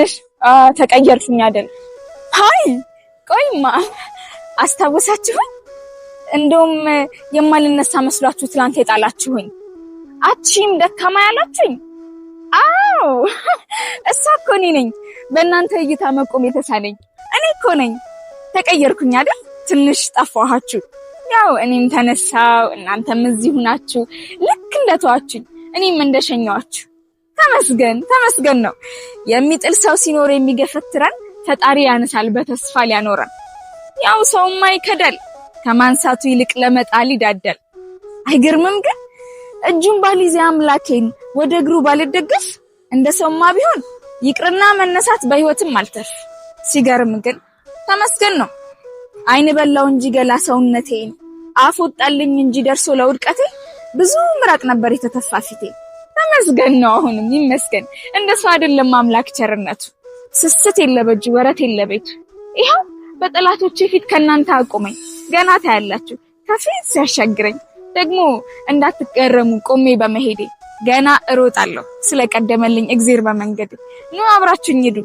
ትንሽ ተቀየርሽኝ አይደል? አይ ቆይማ አስታወሳችሁኝ? እንደውም የማልነሳ መስሏችሁ ትላንት የጣላችሁኝ አቺም ደካማ ያላችሁኝ? አዎ እሷ እኮ እኔ ነኝ። በእናንተ እይታ መቆም የተሳለኝ እኔ እኮ ነኝ። ተቀየርኩኝ አይደል? ትንሽ ጠፋኋችሁ። ያው እኔም ተነሳው እናንተም እዚሁ ናችሁ። ልክ እንደተዋችሁኝ እኔም እንደሸኘዋችሁ ተመስገን ተመስገን ነው። የሚጥል ሰው ሲኖር የሚገፈትረን ፈጣሪ ያነሳል፣ በተስፋ ሊያኖረን። ያው ሰውማ ይከዳል፣ ከማንሳቱ ይልቅ ለመጣል ይዳዳል። አይገርምም ግን እጁን ባልይዝ አምላኬን ወደ እግሩ ባልደገፍ እንደ ሰውማ ቢሆን ይቅርና መነሳት በህይወትም አልተፍ ሲገርም ግን ተመስገን ነው። አይን በላው እንጂ ገላ ሰውነቴን፣ አፍ ወጣልኝ እንጂ ደርሶ ለውድቀቴ ብዙ ምራቅ ነበር የተተፋ ፊቴ። ይመስገን ነው። አሁንም ይመስገን እንደሱ አይደለም አምላክ ቸርነቱ። ስስት የለ በእጁ ወረት የለ ቤቱ። ይኸው በጠላቶቼ ፊት ከእናንተ አቁመኝ፣ ገና ታያላችሁ ከፊት ሲያሻግረኝ ደግሞ እንዳትቀረሙ ቆሜ በመሄዴ ገና እሮጣለሁ ስለቀደመልኝ እግዜር በመንገዴ ኑ አብራችሁኝ ሂዱ።